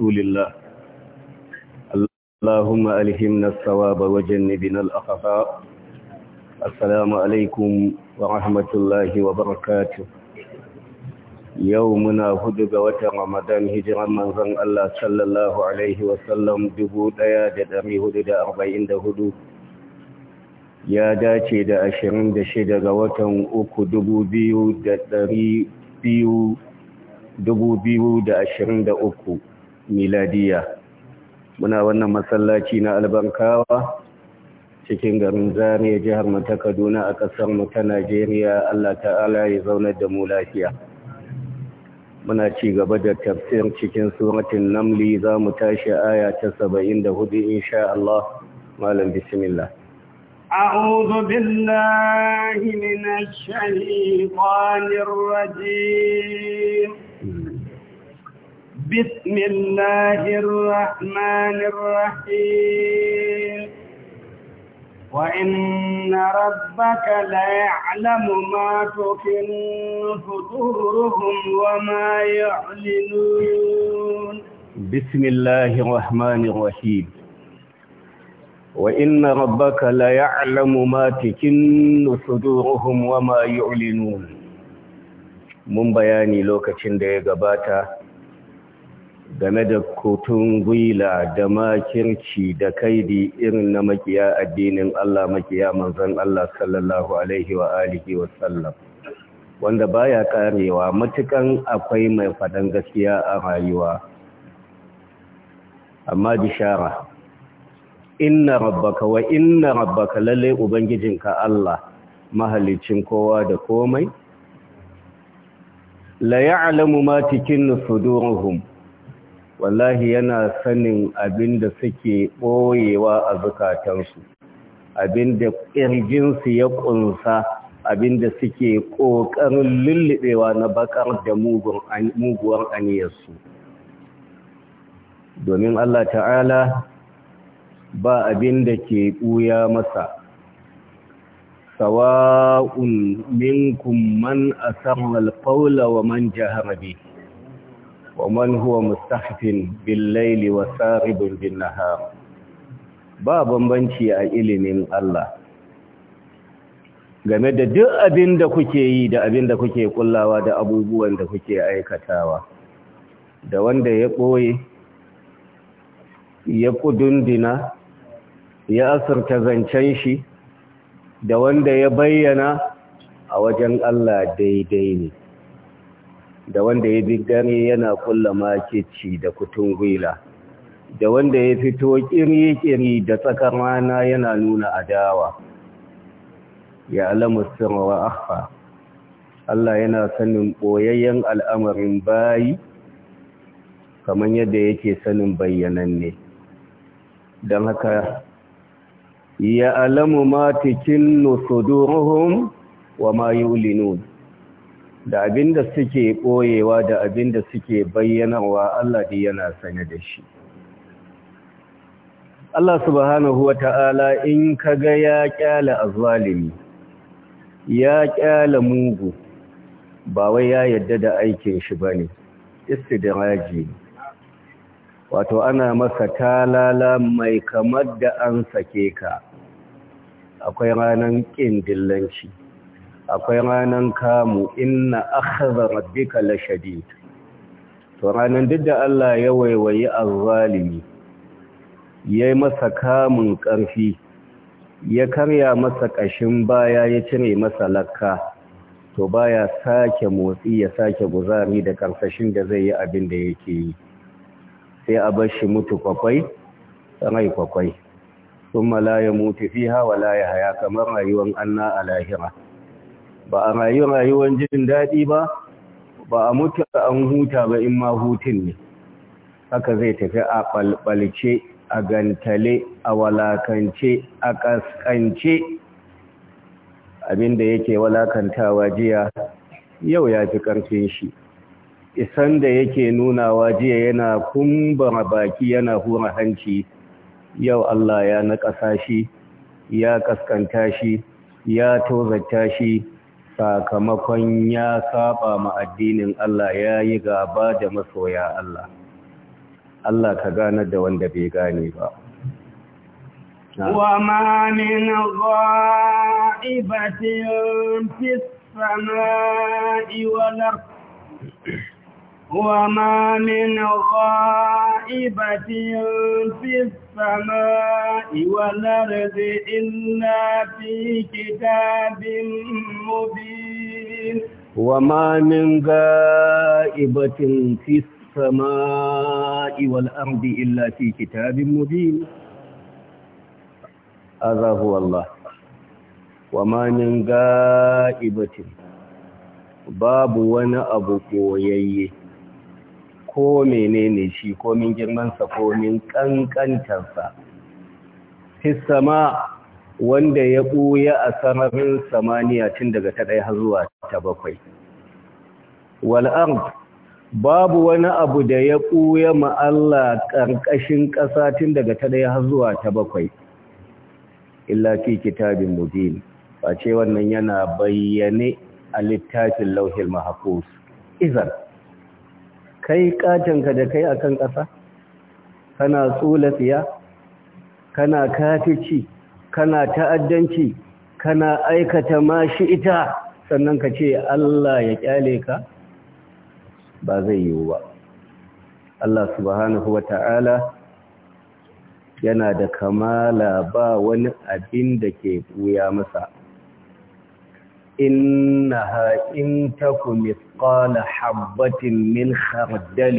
رسول الله اللهم ألهمنا الثواب وجنبنا الأخطاء السلام عليكم ورحمة الله وبركاته يومنا هدب رمضان هجرا من ظن الله صلى الله عليه وسلم دبو ديا ددري هدد أربعين دهدو يا داتي دا أشرين دا شدا وطن أكو دبو بيو ددري بيو دبو بيو دا أشرين دا أكو miladiya muna wannan masallaci na albarkawa cikin garin zaniya jihar mata kaduna a ƙasar mu ta najeriya allah ta'ala ya zauna da mu lafiya muna ci gaba da tafsir cikin suratin namli za mu tashi aya ta saba'in da hudu insha allah malam bismillah أعوذ بالله من الشيطان الرجيم بسم الله الرحمن الرحيم وإن ربك ليعلم ما تكن صدورهم وما يعلنون بسم الله الرحمن الرحيم وإن ربك ليعلم ما تكن صدورهم وما يعلنون من بياني lokacin da ya game da kotun gwila da makirci da kaidi irin na makiya addinin Allah makiya manzon Allah sallallahu alaihi wa alihi wa sallam wanda baya karewa matukan akwai mai fadan gaskiya a rayuwa amma bishara inna rabbaka wa inna rabbaka lalle ubangijinka Allah mahallicin kowa da komai la ya'lamu ma tikinnu suduruhum wallahi yana sanin abin da suke ɓoyewa a zukatansu abin da ƙirjinsu ya ƙunsa abin da suke ƙoƙarin lullubewa na bakar da muguwar aniyarsu domin Allah ta'ala ba abin da ke ɓuya masa sawa'un minkum man asarar faula wa man ومن هو مستخف بالليل وسارب بالنهار ba bambanci a ilimin Allah game da duk abin da kuke yi da abin da kuke kullawa da abubuwan da kuke aikatawa da wanda ya ɓoye ya ƙudundina ya asirta zancen shi da wanda ya bayyana a wajen Allah daidai ne da wanda ya bi dare yana kulla makici da kutun gwila da wanda ya fito kiri-kiri da tsakar rana yana nuna adawa ya alamu sirra wa Allah yana sanin boyayyen al'amarin bayi kamar yadda yake sanin bayyananne don haka ya alamu matikin nusuduruhum wa ma yulinun da abinda suke ɓoyewa da abinda suke bayyanawa, Allah da yana sane da shi Allah subhanahu wa ta'ala in ka ga ya kyala azzalimi ya kyala mugu ba wai ya yadda da aikin shi bane istidraji wato ana masa talala mai kamar da an sake ka akwai ranan kin dillanci akwai ranan kamu inna akhadha rabbika lashadid to ranan duk da Allah ya waiwayi azzalimi yayi masa kamun karfi ya karya masa kashin baya ya cire masa lakka to baya sake motsi ya sake guzari da karsashin da zai yi abin da yake yi sai a bar shi mutu kwakwai rai kwakwai sun la ya mutu fiha wala ya haya kamar rayuwar anna a lahira ba a rayu rayuwar jin daɗi ba ba a mutu an huta ba in ma hutun ne haka zai tafi a ɓalɓalce a gantale a walakance a ƙasƙance abinda yake walakantawa jiya yau ya fi ƙarfin shi isan da yake nunawa jiya yana kumbara baki yana hura hanci yau Allah ya naƙasa shi ya ƙasƙanta shi ya tozarta shi sakamakon ya saba ma addinin Allah ya yi gaba da masoya Allah Allah ka gane da wanda bai gane ba ma min ghaibatin fis sama'i wal ardh wa ma min ghaibatin fis samaa'i wal ardi inna fi kitabim mubin wa ma min ghaibatin fis samaa'i wal ardi illa fi kitabim mubin azahu allah wa ma babu wani abu koyayye ko menene shi komin girmansa komin ƙanƙantarsa hissama wanda ya ɓuya a sararin samaniya tun daga ta ɗaya har zuwa ta bakwai wal'ard babu wani abu da ya ɓuya ma'alla ƙarƙashin ƙasa tun daga ta ɗaya har zuwa ta bakwai illa fi kitabin mudin face wannan yana bayyane a littafin lauhin mahafuz kai katinka da kai akan ƙasa kana tsulafiya kana kafici kana ta'addanci kana aikata ma shi ita sannan ka ce Allah ya kyale ka ba zai yiwu ba Allah subhanahu wata'ala yana da kamala ba wani abin da ke buya masa إنها إن تك مثقال حبة من خردل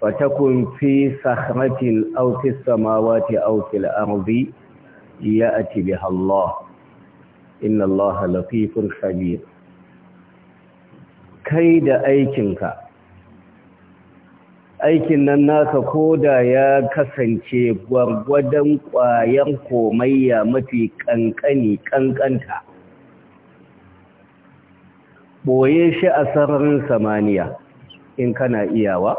فتكن في صخرة أو في السماوات أو في الأرض يأتي بها الله إن الله لطيف خبير كيد أيكنك aikin nan naka koda ya kasance gwargwadon ƙwayar komayya mafi ƙanƙani ƙanƙanta boye shi a sararin samaniya in kana iyawa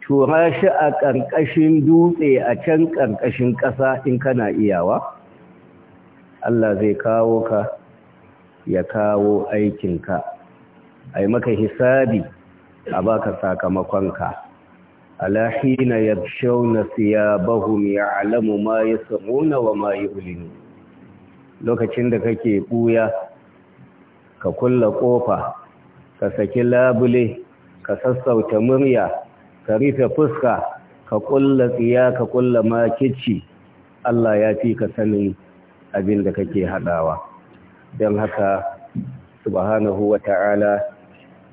tura shi a ƙarƙashin dutse a can ƙarƙashin ƙasa in kana iyawa Allah zai kawo ka ya kawo aikinka a yi maka hisabi a baka sakamakonka alahina ya shauna siyabahum ya alamu ma ya wa ma yi lokacin da kake ɓuya ka kulla ƙofa ka saki labule ka sassauta murya ka rufe fuska ka kulla tsiya ka kulla makici Allah ya fi ka sanin abin da kake haɗawa don haka subhanahu wa ta'ala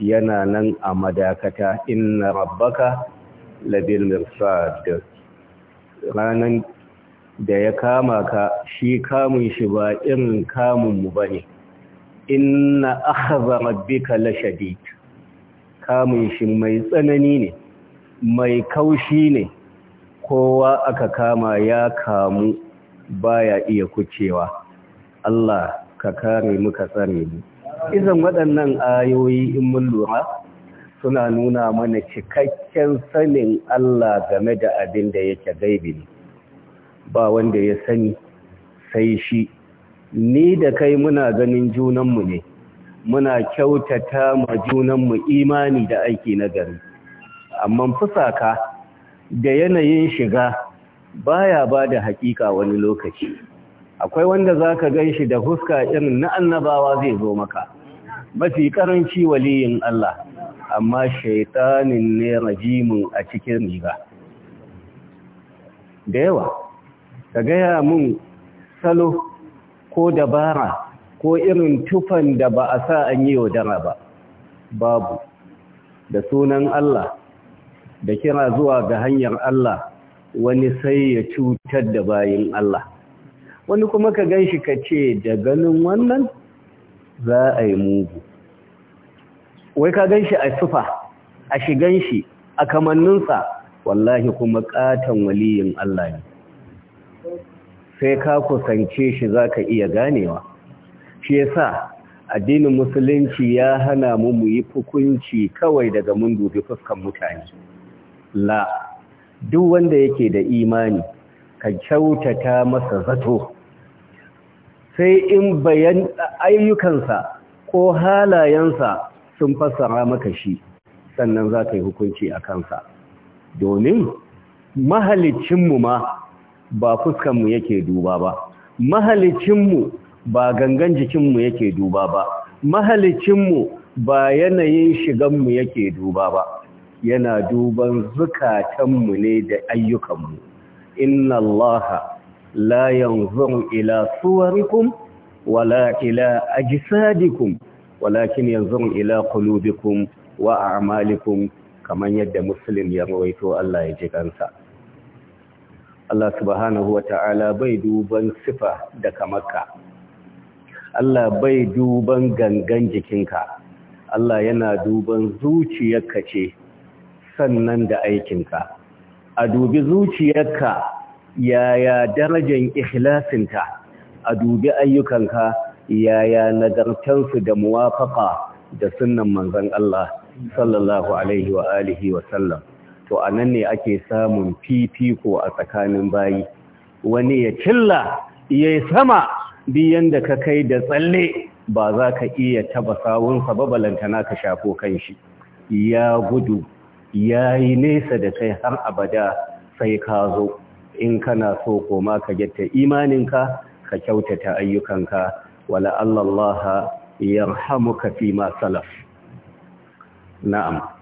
yana nan a madakata inna rabbaka labil mirsad ranan da ya kama ka shi kamun shi ba irin kamun mu bane inna akhadha rabbika lashadid kamun shi mai tsanani ne mai kaushi ne kowa aka kama ya kamu baya iya kucewa Allah ka kare mu ka tsare mu Idan waɗannan ayoyi in mun lura suna nuna mana cikakken sanin Allah game da abin da yake gaibi ba wanda ya sani sai shi ni da kai muna ganin junanmu ne muna kyautata ma junanmu imani da aiki na gari amma fusaka da yanayin shiga baya ba da haƙiƙa wani lokaci akwai wanda za ka gan shi da huska irin na annabawa zai zo maka mafi karanci waliyin Allah amma shaitanin ne rajimin a cikin riga da yawa ka gaya mun salo ko dabara ko irin tufan da ba a sa an yi yaudara ba babu da sunan Allah da kira zuwa ga hanyar Allah wani sai ya cutar da bayin Allah wani kuma ka gan shi ka ce da ganin wannan za a yi mugu wai ka gan shi a sufa a shigan shi a kamanninsa wallahi kuma katon waliyin Allah ne sai ka kusance shi zaka iya ganewa shi yasa addinin musulunci ya hana mu mu yi hukunci kawai daga mun dubi fuskan mutane la duk wanda yake da imani ka kyautata masa zato sai in bayan ayyukansa ko halayensa sun fassara maka shi sannan za ka yi hukunci a kansa domin mahalicinmu ma ba fuskanmu yake duba ba mahalicinmu ba gangan jikinmu yake duba ba mahalicinmu ba yanayin shiganmu yake duba ba yana duban zukatanmu ne da ayyukanmu inna allaha la yanzur ila suwarikum wala ila ajsadikum walakin yanzur ila qulubikum wa a'malikum kaman yadda muslim ya rawaito Allah ya ji kansa Allah subhanahu wa ta'ala bai duban sifa da kamarka Allah bai duban gangan jikinka Allah yana duban zuciyarka ce sannan da aikinka a dubi zuciyarka yaya darajar ikhlasinta a dubi ayyukanka yaya nagartansu da muwafaka da sunnan manzon Allah sallallahu alaihi wa alihi wa sallam to a nan ne ake samun fifiko a tsakanin bayi wani ya cilla ya sama biyan da ka kai da tsalle ba za ka iya taba sawunsa ba na ka shafo kan shi ya gudu ya yi nesa da kai har abada sai ka zo in kana so koma ka gyatta imaninka ka kyautata ayyukanka wala Allah yarhamuka fi ma salaf na'am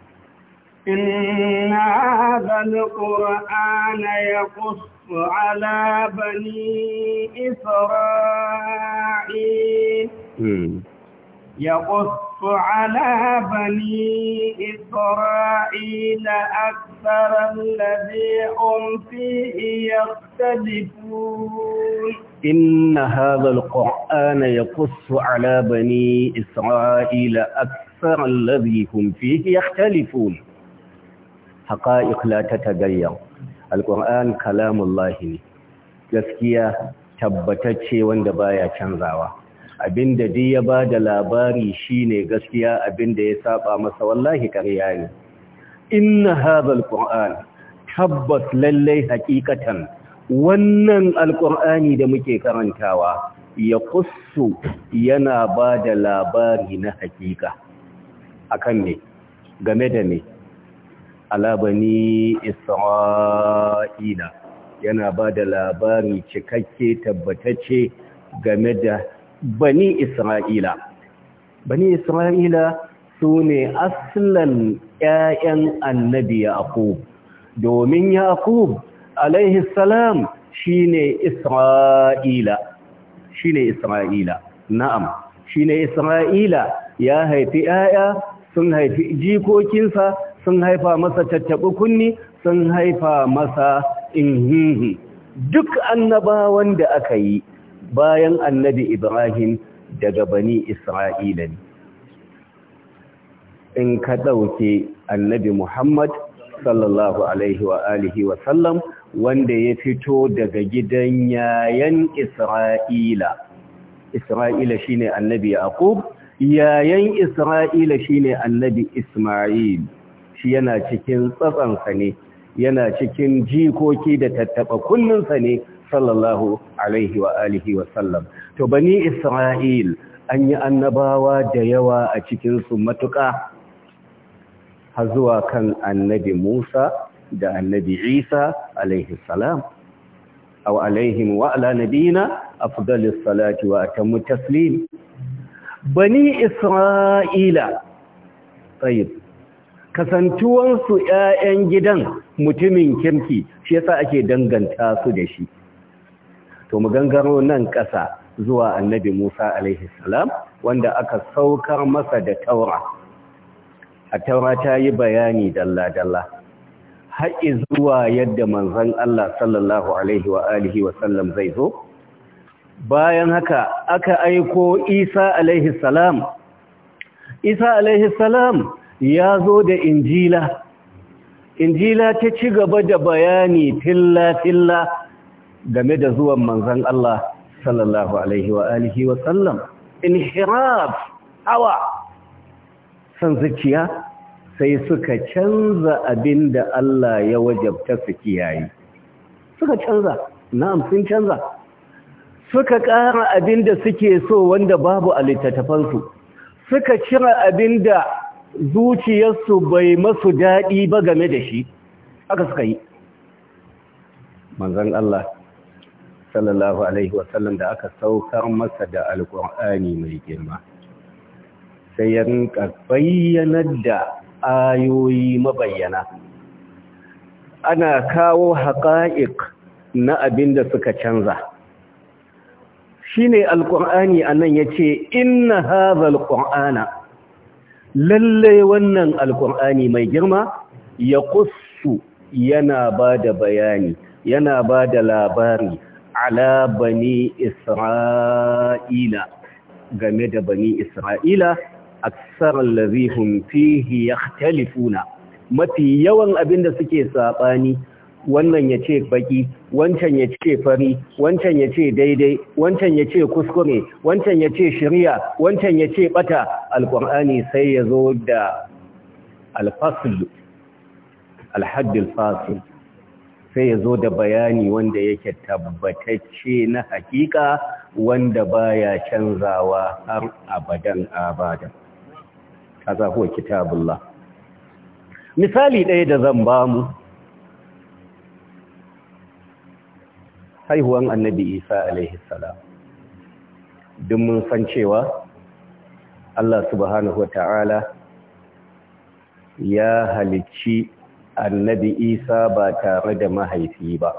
إن هذا القرآن يقص على بني إسرائيل يقص على بني إسرائيل أكثر الذي هم فيه يختلفون إن هذا القرآن يقص على بني إسرائيل أكثر الذي هم فيه يختلفون haƙa'iƙ la ta tagayyar alƙur'an kalamullahi ne gaskiya tabbatacce wanda baya canzawa abinda dai ya bada labari shine gaskiya abinda ya saba masa wallahi ƙarya ne inna hadhal qur'an tabbas lallai hakikatan wannan alqur'ani da muke karantawa ya kusu yana bada labari na hakika akan ne game da ne ala isra'ila yana ba da labari cikakke tabbatacce game da bani isra'ila bani isra'ila su ne aslan 'ya'yan annabi yaqub domin yaqub alaihi salam shine isra'ila shine isra'ila na'am shine isra'ila ya haifi 'ya'ya sun haifi jikokinsa sun haifa masa tattaɓi kunni sun haifa masa inhihi duk annabawan da aka yi bayan annabi ibrahim daga bani isra'ila ne in ka ɗauke annabi muhammad sallallahu alaihi wa alihi wa sallam wanda ya fito daga gidan yayan isra'ila isra'ila shine annabi yaqub yayan isra'ila shine annabi isma'il shi yana cikin tsatsansa ne yana cikin jikoki da tattaɓa kullunsa ne sallallahu alaihi wa alihi wa sallam to bani isra'il an yi annabawa da yawa a cikinsu matuƙa har zuwa kan annabi musa da annabi isa alaihi salam aw alaihi wa ala nabina afdalus salati wa atammu taslim bani isra'ila tayyib kasantuwansu ‘ya'yan gidan mutumin kirki shi yasa ake danganta su da shi to mu gangaro nan ƙasa zuwa annabi musa alaihi wanda aka saukar masa da taura a taura ta yi bayani dalla-dalla haƙi zuwa yadda manzan Allah sallallahu alaihi wa alihi wa zai zo bayan haka aka aiko Isa alaihi Isa alaihi ya zo da injila injila ta ci gaba da bayani filla-filla game da zuwan manzan Allah sallallahu alaihi wa alihi wa sallam inhirab hawa san zuciya sai suka canza abin da Allah ya wajabta su kiyaye suka canza na'am sun canza suka ƙara abin da suke so wanda babu a littattafansu suka cire abin da zuciyarsu bai masu daɗi ba game da shi aka suka yi manzan Allah sallallahu alaihi wasallam da aka saukar masa da alkur'ani mai girma sai ya da ayoyi mabayyana ana kawo haƙa'iƙ na abin da suka canza shi ne alƙur'ani a nan ya ce inna haza alƙur'ana lalle wannan alkur'ani mai girma ya kussu yana ba da bayani yana ba da labari ala bani isra'ila game da bani isra'ila aksarar lazihun fihi ya mafi yawan abin da suke saɓani wannan ya ce baki wancan ya ce fari wancan ya ce daidai wancan ya ce kuskure wancan ya ce shirya wancan ya ce bata alkur'ani sai ya zo da alfasul alhaddul fasul sai ya zo da bayani wanda yake tabbatacce na hakika wanda baya canzawa har abadan abada, kaza ko kitabullah misali ɗaya da zan bamu haihuwan annabi isa alaihi salam duk mun san cewa Allah subhanahu wata'ala ya halicci annabi isa ba tare da mahaifi ba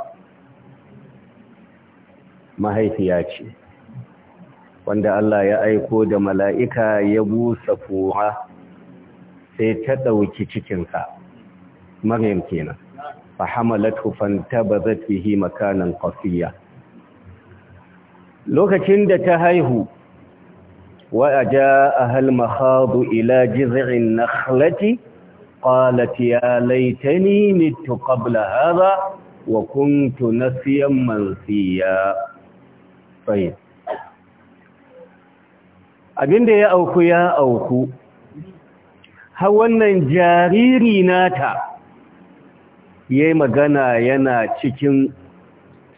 mahaifiya ce wanda Allah ya aiko da mala'ika ya busa fura sai ta ɗauki cikinsa maryam kenan fahamalathu fantabazat bihi makanan qasiya lokacin da ta haihu wa a ahal mahadu ila jiz'in nakhlati qalat ya laitani mittu qabla hadha wa kuntu nasiyan mansiya tayyib abinda ya auku ya auku har wannan jariri nata ya magana yana cikin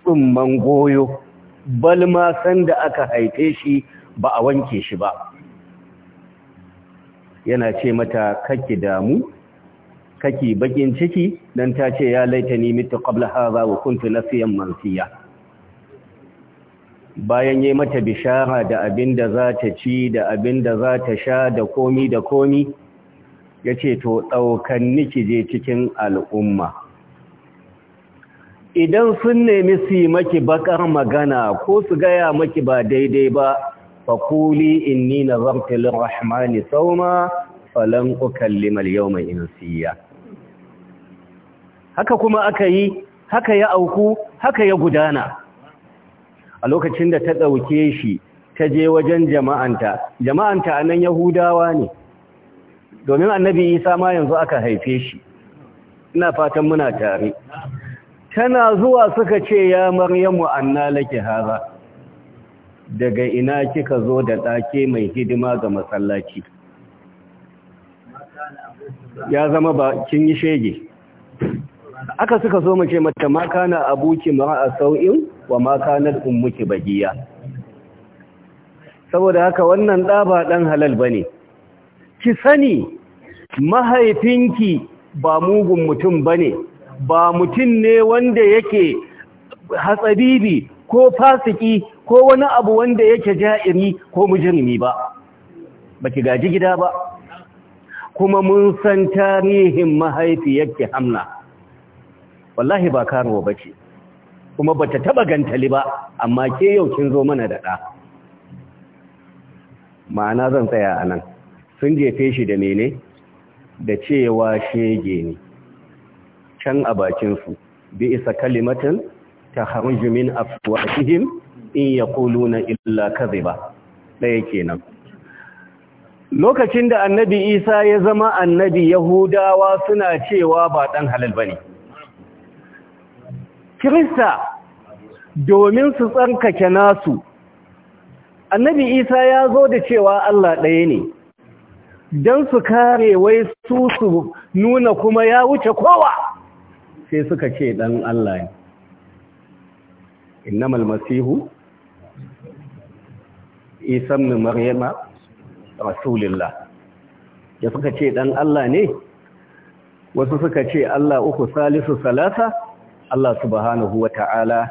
tsumman goyo balma sanda aka haife shi ba a wanke shi ba yana ce mata kake damu kake bakin ciki dan ta ce ya laita ni mitu qabla hadha wa kuntu nasiyan mansiya bayan yayi mata bishara da abinda za ta ci da abinda za ta sha da komi da komi yace to daukan niki je cikin al'umma idan sun nemi su yi maki bakar magana ko su gaya maki ba daidai ba faƙuli in nina zartalin rahmani sauma falon ukallimal yau mai insiya haka kuma aka yi haka ya auku haka ya gudana a lokacin da ta ɗauke shi ta je wajen jama'anta jama'anta a nan yahudawa ne domin annabi isa ma yanzu aka haife shi ina fatan muna tare tana zuwa suka ce ya maryamu anna laki haza daga ina kika zo da ɗake mai hidima ga masallaci ya zama ba kin yi shege aka suka zo mace mata ma kana abuki mara sau'in wa ma kanat ummuki bagiya saboda haka wannan da ba ɗan halal bane ki sani mahaifinki ba mugun mutum bane ba mutum ne wanda yake hatsabibi ko fasiki ko wani abu wanda yake ja'iri ko mujirmi ba baki gaji gida ba kuma mun san tarihin mahaifiyarki hamna wallahi ba karuwa bace kuma bata taba gantali ba amma ke yau kin zo mana da ɗa. ma'ana zan tsaya a nan. sun jefe shi da mene da cewa shege ne can a bakinsu bi isa kalimatin ta haruji min afwatihim in ya kulu na illa kadhiba ɗaya kenan lokacin da annabi isa ya zama annabi yahudawa suna cewa ba ɗan halal ba ne kirista domin su tsarkake nasu annabi isa ya zo da cewa allah ɗaya ne don su kare wai su su nuna kuma ya wuce kowa sai suka ce dan Allah ne innamal masihu isa ibn maryama rasulullah ya suka ce dan Allah ne wasu suka ce Allah uku salisu salasa Allah subhanahu wata'ala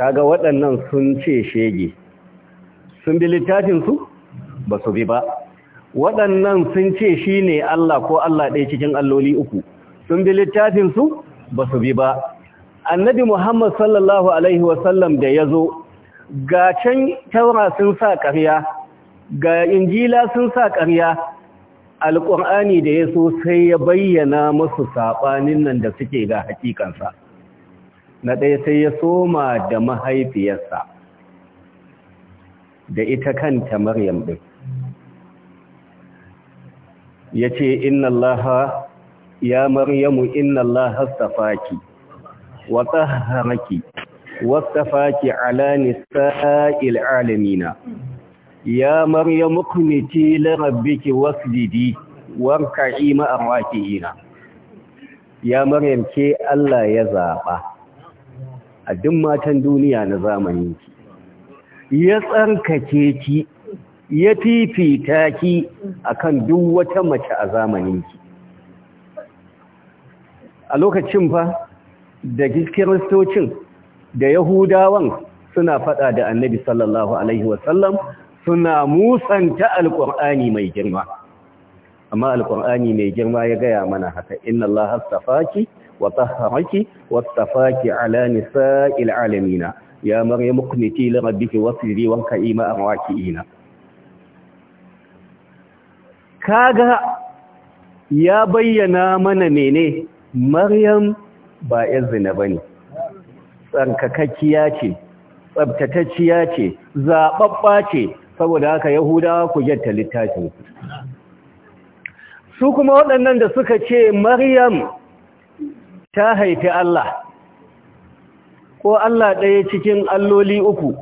kaga waɗannan sun ce shege sun bi littafin su ba su bi ba waɗannan sun ce shi ne Allah ko Allah ɗaya cikin alloli uku sun bi littafinsu ba su bi ba annabi muhammad sallallahu alaihi wasallam da ya zo ga can taura sun sa ƙarya ga injila sun sa ƙarya alƙur'ani da ya so sai ya bayyana masu saɓanin nan da suke ga hakikansa na ɗaya sai ya soma da mahaifiyarsa da ita kanta maryam ɗin ya ce inna allaha ya maryamu inna Allah hastafaki wa tahharaki wastafaki ala nisa'il alamina ya maryamu quniti li rabbiki wasjidi warka'i ma'a ya maryam ke Allah ya zaba a duk matan duniya na zamanin ya tsarkake ki ya fifita ki akan duk wata mace a zamanin ki a lokacin fa da kiristocin da yahudawan suna fada da annabi sallallahu alaihi wasallam suna musanta alkur'ani mai girma amma alkur'ani mai girma ya gaya mana haka inna allaha astafaki wa tahharaki wastafaki ala nisa'il alamina ya maryam quniti li rabbiki wasiri wa qaima arwakiina kaga ya bayyana mana mene maryam ba ‘yar zina ba ne tsarkakakkiya ce tsabtatacciya ce zaɓaɓɓa ce saboda haka yahudawa ku jatta littafin su kuma waɗannan da suka ce maryam ta haifi Allah ko Allah ɗaya cikin alloli uku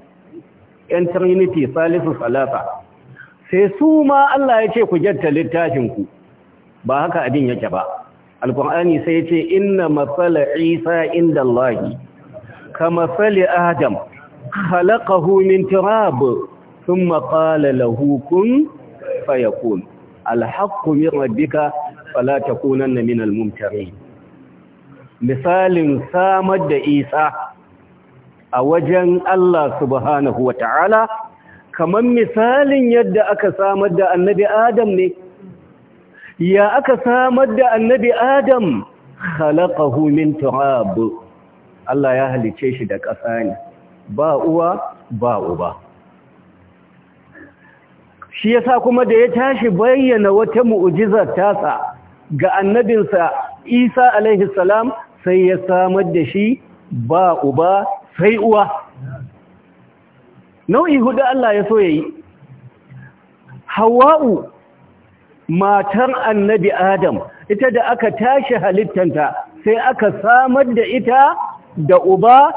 ‘yan trinity salisu salata sai su ma Allah ya ce ku littafin littafinku ba haka abin yake ba alkur'ani sai ya ce inna matsala isa inda Allahi ka matsali adam halaka min turabu sun maƙala lahukun fayakun alhakumin rabbika falata kunan na min almumtari misalin samar da isa a wajen Allah subhanahu wa ta'ala kamar misalin yadda aka samar da annabi adam ne ya aka samar da annabi adam khalaqahu min turab Allah ya halice shi da ƙasa ne ba uwa ba uba shi yasa kuma da ya tashi bayyana wata mu'ujiza tasa ga annabinsa Isa alaihi salam sai ya samar da shi ba uba sai uwa nau'i hudu Allah ya so yayi Hawa'u matar annabi adam ita da aka tashi halittanta sai aka samar da ita da uba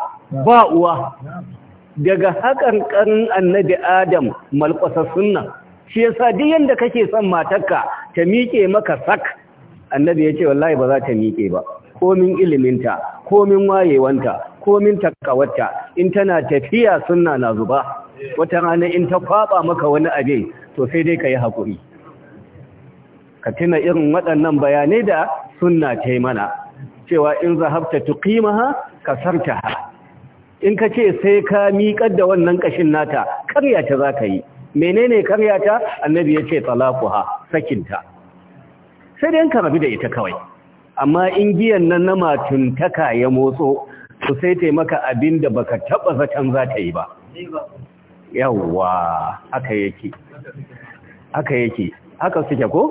ba uwa daga hakan karin annabi adam malƙasa sunna shi yasa duk yanda kake son matarka ta miƙe maka sak annabi ya ce wallahi ba za ta miƙe ba komin iliminta komin wayewanta komin takawarta in tana tafiya sunna na zuba wata rana in ta kwaɓa maka wani abin to sai dai ka yi haƙuri ka tuna irin waɗannan bayanai da sunna ta mana cewa in zahabta tuqimaha ha in ka ce sai ka miƙar da wannan ƙashin nata karya ta za ka yi menene karya ta annabi ya ce ha, sakinta sai dai ka rabu da ita kawai amma in giyan nan na matuntaka ya motso to sai ta maka abin da baka taɓa zaton za ta yi ba yawwa haka yake haka yake haka suke ko?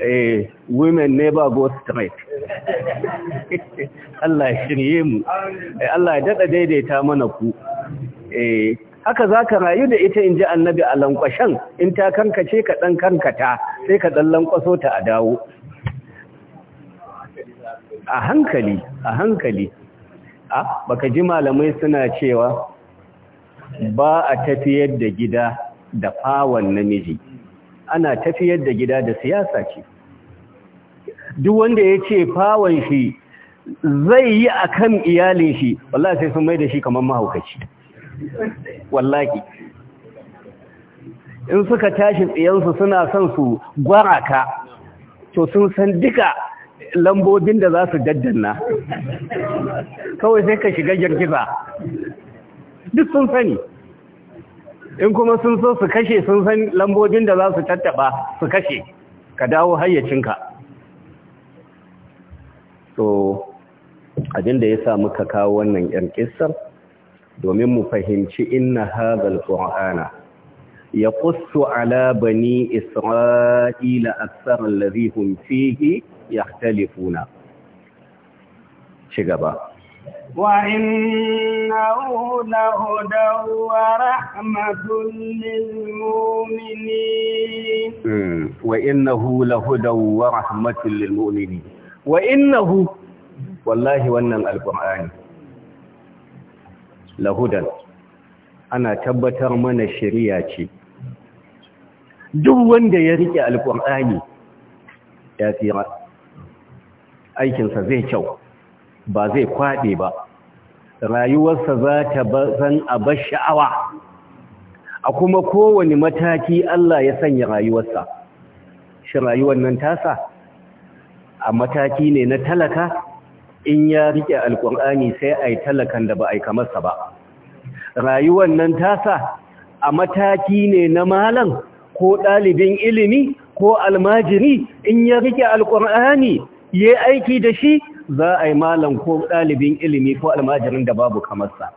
eh women never go straight Allah shirye mu eh, Allah ya daɗa daidaita mana ku eh haka za ka rayu da ita in ji annabi a lankwashen in ta kankace ka ɗan kankata sai ka ɗan lankwaso ta a dawo a hankali a hankali a baka ji malamai suna cewa ba a tafiyar da gida da fawon namiji ana tafiyar da gida da siyasa ce duk wanda ya ce fawon shi zai yi a kan iyalin shi wallah sai sun mai da shi kamar mahaukaci wallaki in suka tashi tsayansu suna son su gwaraka, to sun san duka lambobin da za su daddanna kawai sai ka shiga girgiza duk sun sani in kuma sun so su kashe sun san lambobin da za su tattaba su kashe ka dawo hayyacinka so abinda ya sa muka kawo wannan yan kissar domin mu fahimci inna hadhal qur'ana yaqussu ala bani isra'ila aktsar alladhi hum fihi yahtalifuna ci gaba وإنه لهدى ورحمة للمؤمنين وإنه لهدى ورحمة للمؤمنين وإنه والله وأن القرآن لهدى أنا تبتر من الشريعة duk wanda ya rike alƙur'ani ya tsira aikinsa zai kyau ba zai kwaɗe ba rayuwarsa za ta zan bar sha'awa a kuma kowane mataki Allah ya sanya rayuwarsa shi rayuwar nan tasa a mataki ne na talaka in ya rike alkur'ani sai a yi talakan da ba a yi kamarsa ba rayuwar nan tasa a mataki ne na malam ko ɗalibin ilimi ko almajiri in ya rike alkur'ani ya aiki da shi za a yi malam ko ɗalibin ilimi ko almajirin da babu kamarsa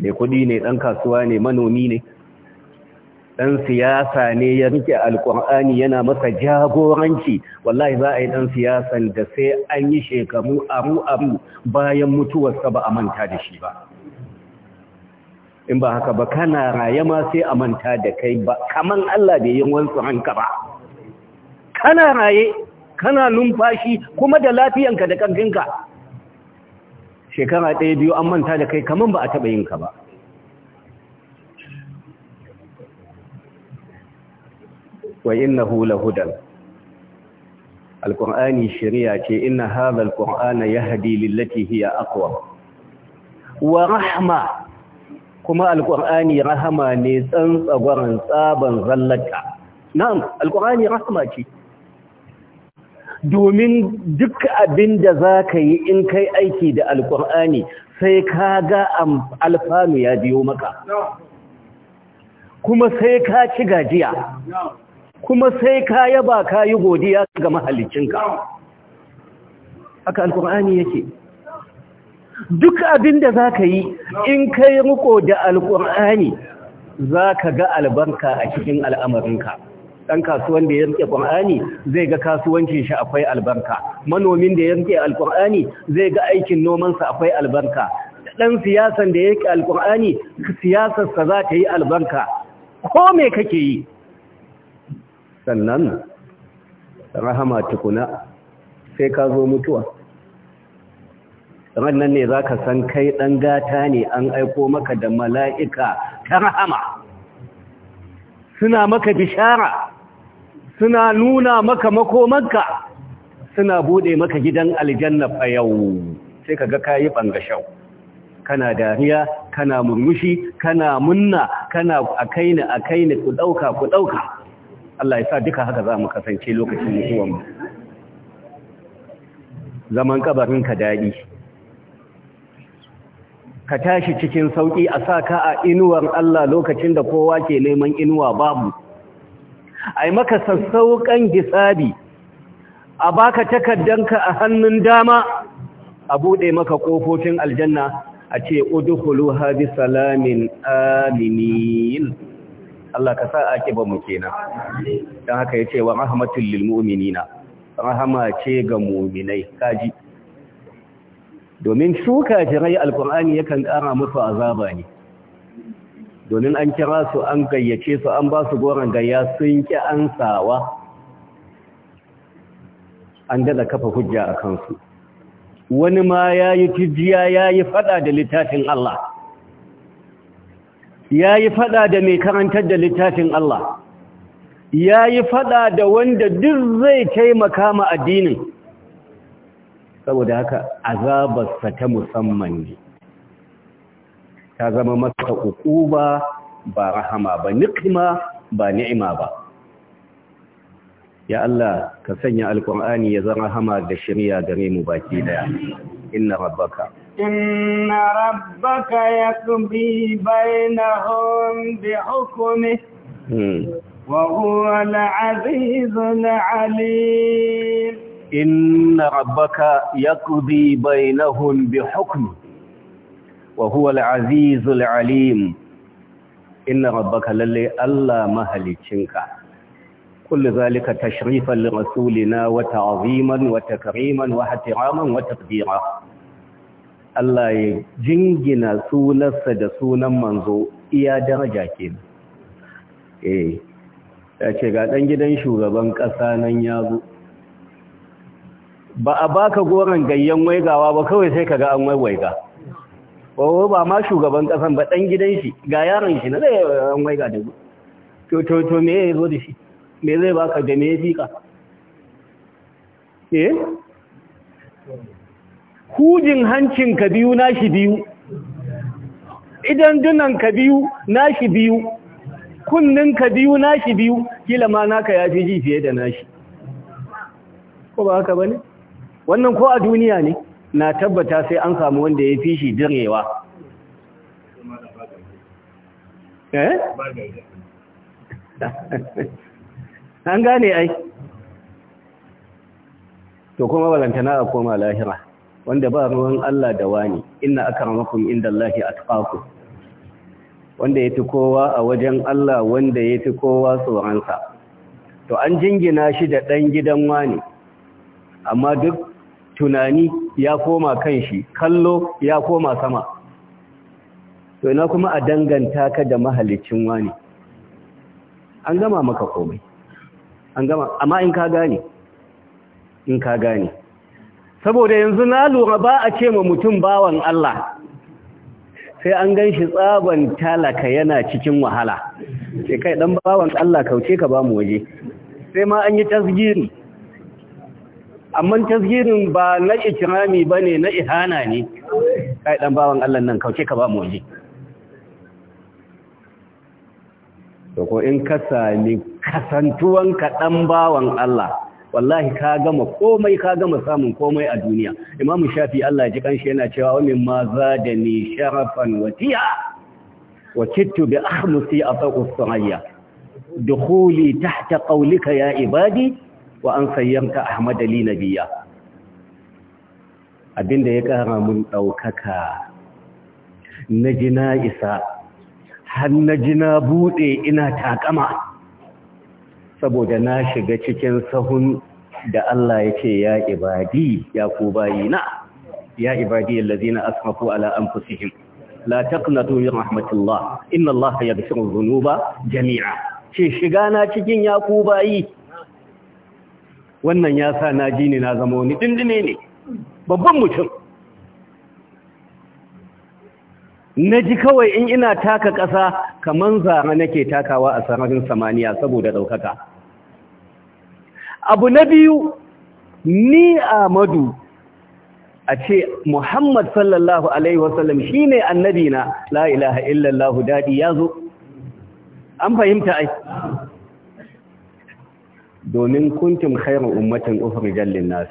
mai kuɗi ne ɗan kasuwa ne manomi ne ɗan siyasa ne ya rike alƙur'ani yana masa jagoranci wallahi za a yi ɗan siyasan da sai an yi shekaru aru-aru bayan mutuwarsa ba a manta da shi ba in ba haka ba kana raye ma sai a manta da kai ba Kamar Allah bai yi wansu hanka ba kana raye kana numfashi kuma da lafiyanka da ƙarfinka shekara ɗaya biyu an manta da kai kamar ba a taɓa yinka ba wa hula hudan Alƙur'ani shari'a ce inna hadha ya yahdi lillati hiya aqwa wa rahma kuma Alƙur'ani rahama ne tsantsagwaran tsaban zallata na'am Alƙur'ani rahma ce domin duk abin da za ka yi in kai aiki da Alƙur'ani, sai ka ga alfanu ya biyo maka kuma sai ka ci gajiya kuma sai ka yaba ka yi godiya ga mahallicinka haka alkur'ani yake duk abin da za ka yi in kai riko da alkur'ani za ka ga albarka a cikin al'amarinka dan kasuwan da ya rike Qur'ani zai ga kasuwancin shi akwai albarka manomin da ya rike alqur'ani zai ga aikin noman sa akwai albarka dan siyasan da ya rike alqur'ani siyasar sa za ta yi albarka ko me kake yi sannan rahama tukuna sai ka zo mutuwa rannan ne za san kai ɗan gata ne an aiko maka da mala'ika ta rahama suna maka bishara suna nuna maka makomanka suna bude maka gidan aljanna a yau sai kaga kayi bangashau kana dariya kana murmushi kana munna kana akaini akaini ku dauka ku dauka Allah ya sa duka haka za mu kasance lokacin mutuwanmu zaman kabarin ka daɗi ka tashi cikin sauki a sa ka a inuwar Allah lokacin da kowa ke neman inuwa babu a maka sassauƙan hisabi a baka takaddanka a hannun dama a buɗe maka ƙofofin aljanna a ce Kulu haɗi salamin aminin Allah ka sa ake ba mu kenan Don haka ce wa rahmatul lilmominina rahama ce ga mu'minai kaji domin shuka kafirai Alƙur'ani, yakan ƙara musu azaba ne domin an kira su an gayyace su an ba su goron gayya sun ki ansawa an daɗa kafa hujja a kansu wani ma ya yi tijiya ya yi faɗa da littafin Allah ya yi faɗa da mai karantar da littafin Allah ya yi faɗa da wanda duk zai taimaka ma addinin saboda haka azabarsa ta musamman ne ta zama masa ukuba ba rahama ba nikma ba ni'ima ba ya Allah ka sanya alkur'ani ya zama rahama da shari'a gare mu baki daya inna rabbaka إن ربك يقضي بينهم بحكمه وهو العزيز العليم إن ربك يقضي بينهم بحكمه wa huwa al’azizul alim ina rabbaka Allah mahalicinka kulli zalika tashrifan li rasulina wa ta'ziman wa takriman wa ihtiraman Allah ya jingina sunansa da sunan manzo iya daraja ke eh yace ga dan gidan shugaban ƙasa nan ya zo ba a baka goron gayyen waigawa ba kawai sai kaga an waiwaiga wawo ba ma shugaban kasan ba ɗan gidan shi ga yaron shi na zai yawon waiga da gu to to me ya zo da shi me zai baka da me ya fika eh hujin hancin ka biyu nashi biyu idan dunan ka biyu nashi biyu kunnin ka biyu nashi biyu kila ma naka ya fi ji fiye da nashi ko ba haka ba ne? wannan ko a duniya ne na tabbata sai an samu wanda ya fi shi direwa eh an gane ai to kuma walantana a koma lahira wanda ba ruwan Allah da wani Allah ya indallahi atqakum wanda ya fi kowa a wajen Allah wanda ya fi kowa tsoronsa. to an jingina shi da ɗan gidan wani amma duk tunani ya koma kan shi kallo ya koma sama to ina kuma a danganta ka da mahallicin wani an gama maka komai an gama amma in ka gane in ka gane saboda yanzu na lura ba a ce ma mutum bawan Allah sai an gan shi tsaban talaka yana cikin wahala sai kai dan bawan Allah kauce ka ba mu waje sai ma an yi tasgiri amma tasgirin ba na ikirami ba na ihana ne kai dan bawan Allah nan kauce ka ba mu waje To ko in ka sami kasantuwan ka dan bawan Allah wallahi ka gama komai ka gama samun komai a duniya imamu shafi Allah ji kanshi yana cewa wani ma za da ni sharafan watiya wa kittu bi ahmusi ataqus faƙus dukhuli tahta qawlika ya ibadi wa an sayyamta Ahmad Ali Nabiya abinda ya kara mun daukaka na jina isa har na jina bude ina takama saboda na shiga cikin sahun da Allah ya ce ya ibadi ya ku bayina ya ibadi allazina asrafu ala anfusihim la taqnatu min rahmatillah inna Allah yaghfiru dhunuba jami'a ce shiga na cikin ya ku bayi wannan ya sa na ji ne na zama wani dindine ne babban mutum na ji kawai in ina taka ƙasa kamar zara nake takawa a sararin samaniya saboda ɗaukaka abu na biyu ni amadu a ce muhammad sallallahu alaihi wasallam shi ne annabi na la illallahu daɗi ya zo an fahimta ai domin kuntum khairu ummatin ukhrijal lin-nas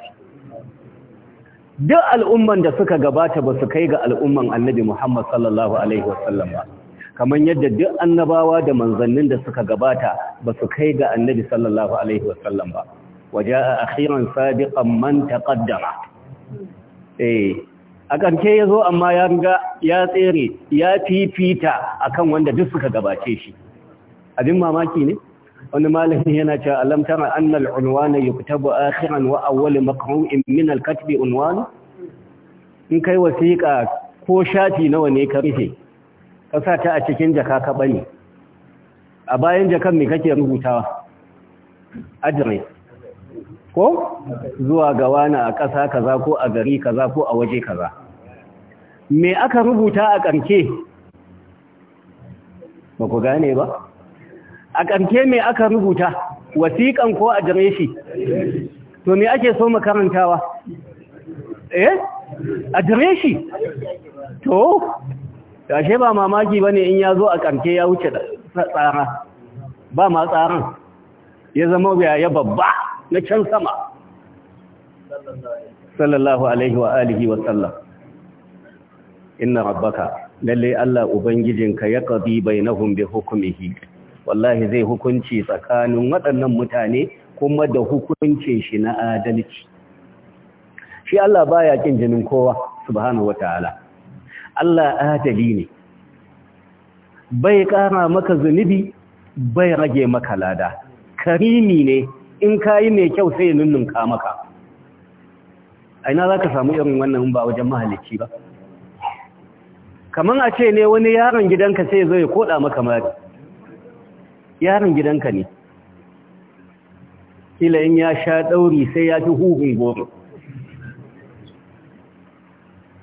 duk al'umman da suka gabata ba su kai ga al'umman annabi Muhammad sallallahu alaihi wasallam ba kamar yadda duk annabawa da manzannin da suka gabata ba su kai ga annabi sallallahu alaihi wasallam ba waja'a akhiran sabiqan man taqaddama eh a ƙarshe ya zo amma ya ga ya tsere ya fifita akan wanda duk suka gabace shi abin mamaki ne wani malamin yana cewa alamtara tara unwana yuktabu akhiran wa awwal maqru'in min al-katbi unwan in kai wasiqa ko shati nawa ne ka rufe ka sa ta a cikin jaka ka bane a bayan jakan me kake rubuta? address ko zuwa ga wani a ƙasa kaza ko a gari kaza ko a waje kaza me aka rubuta a ƙarke ba ku gane ba a ƙarke me aka rubuta wasiƙan ko a jame shi to me ake so makarantawa eh a jame shi to ashe ba mamaki ba ne in ya zo a ƙarke ya wuce tsara ba ma tsaran ya zama yaya babba na can sama sallallahu alaihi wa alihi wa sallam inna rabbaka lalle Allah ubangijinka ya qadi bainahum bi hukmihi wallahi zai hukunci tsakanin waɗannan mutane kuma da hukuncin shi na adalci shi Allah baya kin jinin kowa subhanahu wataala Allah adali ne bai kara maka zunubi bai rage maka lada karimi ne in kayi mai kyau sai ka maka aina zaka samu irin wannan ba wajen mahalicci ba kaman a ce ne wani yaron gidanka sai zai ya koda maka mari yaron gidanka ne kila in ya sha ɗauri sai ya fi huhun goro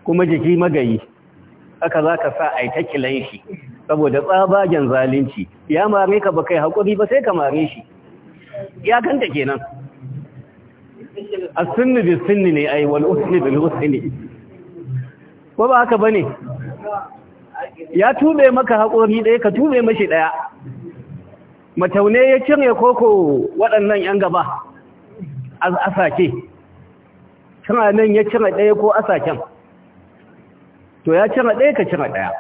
kuma jiki magayi haka za ka sa a yi ta kilan shi saboda tsabagen zalunci ya mare ka ba kai haƙuri ba sai ka mare shi ya kanta kenan a sinni bi sunni ne a yi wani usini usni ko ba haka ne? ya tube maka haƙuri ɗaya ka tube mashi ɗaya mataune ya cire koko waɗannan 'yan gaba a asake cina nan ya cina ɗaya ko asaken to ya cina ɗaya ka cire ɗaya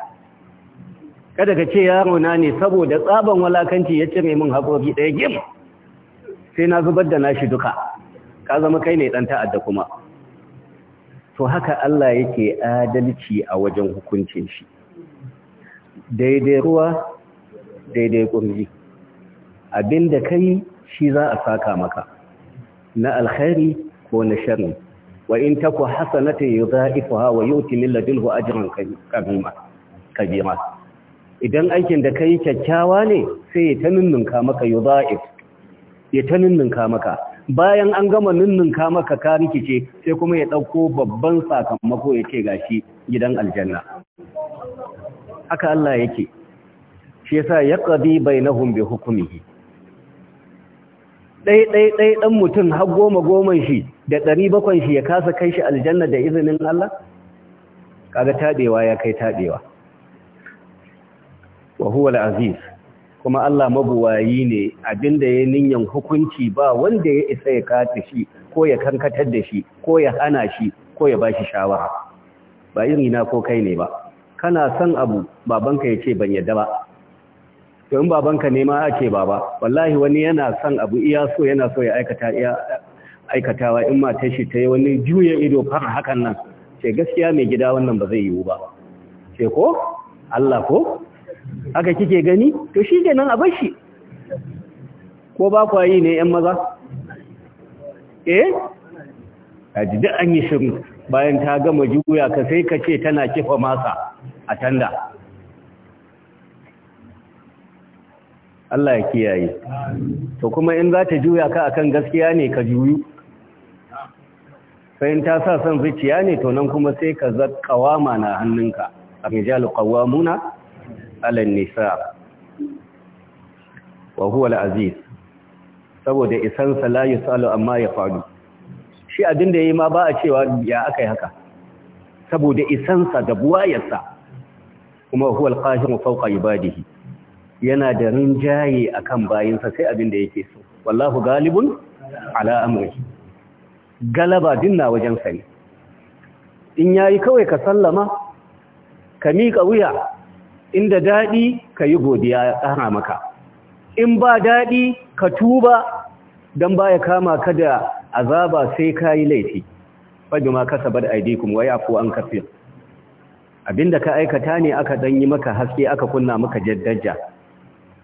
kada ka ce yaro na ne saboda tsaban walakanci ya cire min haƙoƙi ɗaya gim sai na zubar da nashi duka ka zama kai ne ɗan ta'adda kuma to haka Allah yake adalci a wajen hukuncin shi daidai ruwa daidai ƙungi Abin abinda kai shi za a saka maka na alkhairi ko na sharri wa in taku hasanatan yudha'ifuha wa yu'ti min ladunhu ajran kabima kabira idan aikin da kai kyakkyawa ne sai ya tanninka maka yudha'if ya tanninka maka bayan an gama ninninka maka ka rikice sai kuma ya ɗauko babban sakamako ya ce gashi gidan aljanna haka Allah yake shi yasa yaqdi bainahum bi hukmihi Ɗaiɗaiɗai ɗan mutum har goma goman shi da ɗari bakon shi ya kasa kai shi aljanna da izinin Allah? Kaga taɗewa ya kai taɗewa. Wa kuma Allah mabuwayi ne abin da ya ninyan hukunci ba wanda ya isa ya kata shi ko ya kankatar da shi ko ya hana shi ko ya ba shi shawara. Ba na ko kai ne ba. Kana son abu babanka ya ce ban yadda ba. to in babanka nema ake baba wallahi wani yana son abu iya so yana so ya aikata iya aikatawa in ma shi ta yi wani juya ido far hakan nan ce gaskiya mai gida wannan ba zai yiwu ba ce ko Allah ko aka kike gani to shi ke a abin shi ko ba kwa yi ne yan maza eh kaji da an yi shirin bayan ta gama juya ka sai ka ce tana kifa masa a tanda Allah ya kiyaye to kuma in za ta juya ka akan gaskiya ne ka juyu sai in ta sa son zuciya ne to nan kuma sai ka kawama na hannunka a mijalu qawwamuna ala nisa wa huwa al-aziz saboda isan salayu salu amma ya fadu shi abin da yayi ma ba a cewa ya akai haka saboda isan sa da buwayarsa kuma huwa al-qahiru fawqa ibadihi yana da rinjaye akan bayinsa sai abin da yake so wallahu galibun ala'amuri. Galaba galaba dinna wajen sani in yayi kawai ka sallama ka miƙa wuya inda daɗi ka yi godiya ƙara maka in ba daɗi ka tuba don ba ya kama ka da azaba sai ka yi laifi faɗi ma kasa aidi kuma wa ko an kafir abinda ka aikata ne aka ɗanyi maka haske aka kunna maka jaddajja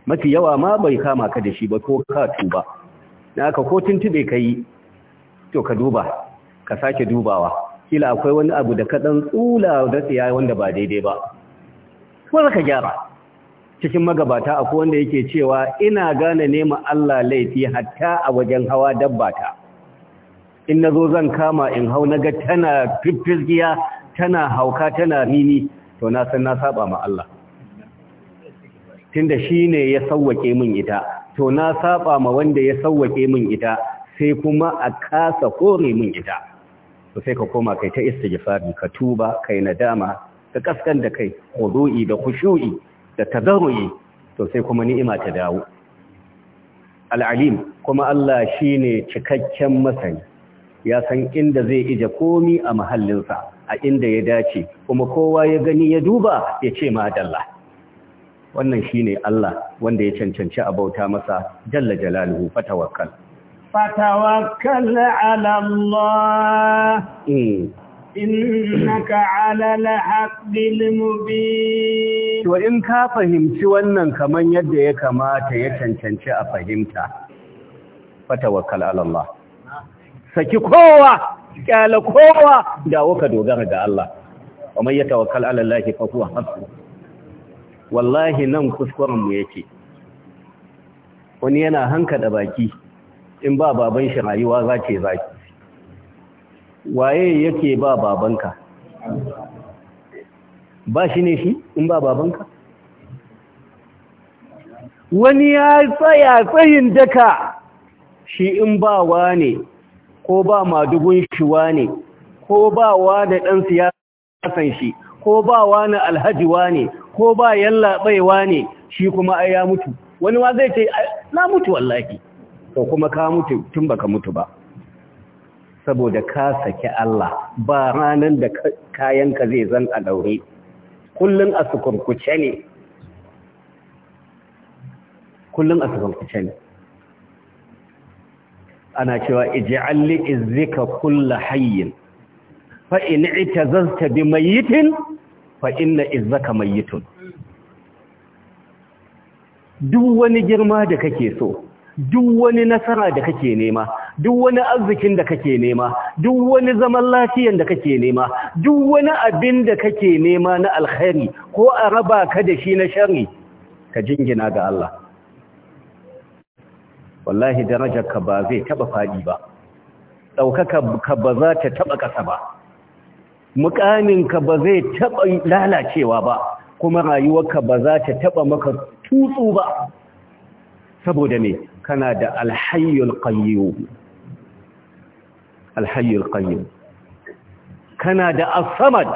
mafi yawa ma bai kama ka da shi ba ko ka tuba na aka ko tuntube ka yi to ka duba ka sake dubawa kila akwai wani abu da kaɗan tsula da tsiya wanda ba daidai ba ko ka gyara cikin magabata akwai wanda yake cewa ina gane neman Allah laifi hatta a wajen hawa dabba ta. in na zo zan kama in hau na ga tana fiffirgiya tana hauka tana nini to na san na saba ma Allah tunda shi ne ya sawwake min ita to na saba ma wanda ya sauwake min ita sai kuma a kasa kore min ita to sai ka koma kai ta istighfari ka tuba kai nadama ka kaskan da kai hudu'i da khushu'i da tadarru'i to sai kuma ni'ima ta dawo al'alim kuma Allah shine cikakken masani ya san inda zai ije komi a mahallinsa a inda ya dace kuma kowa ya gani ya duba ya ce madalla wannan shine Allah wanda ya cancanci a bauta masa jalla jalaluhu fatawakkal fatawakkal ala Allah hmm. innaka ala al mubin to in ka fahimci wannan kaman yadda ya kamata ya cancanci a fahimta fatawakkal ala Allah saki kowa kyala kowa Dawo ka dogara ga Allah wa ya yatawakkal ala Allah fa huwa hasbuh wallahi nan kuskurenmu yake wani yana hanka da baki in ba baban shi rayuwa za ce zaki waye yake ba babanka ba shi ne shi in ba babanka wani ya tsaya tsayin daka shi in ba wa ne ko ba madugun shi wa ne ko ba wa da ɗan siyasan shi ko ba wa na alhaji wa ne ko ba yalla baiwa ne shi kuma ai ya mutu wani ma zai ce na mutu wallahi to kuma ka mutu tun baka mutu ba saboda ka saki Allah ba ranan da kayanka zai zan a daure kullun a ne kullun a ne ana cewa ij'al li izzika kullu hayyin fa in i'tazalta bi mayyitin fa inna izzaka mayyitun duk wani girma da kake so duk wani nasara da kake nema duk wani arzikin da kake nema duk wani zaman lafiyan da kake nema duk wani abin da kake nema na alkhairi ko a raba ka da shi na shari ka jingina ga Allah wallahi darajarka ba zai taba faɗi ba ɗaukaka ka ba za ta taɓa ƙasa ba mukaminka ba zai taɓa lalacewa ba kuma rayuwarka ba za ta taɓa maka tutsu ba saboda me kana da alhayyul qayyum alhayyul qayyum kana da as-samad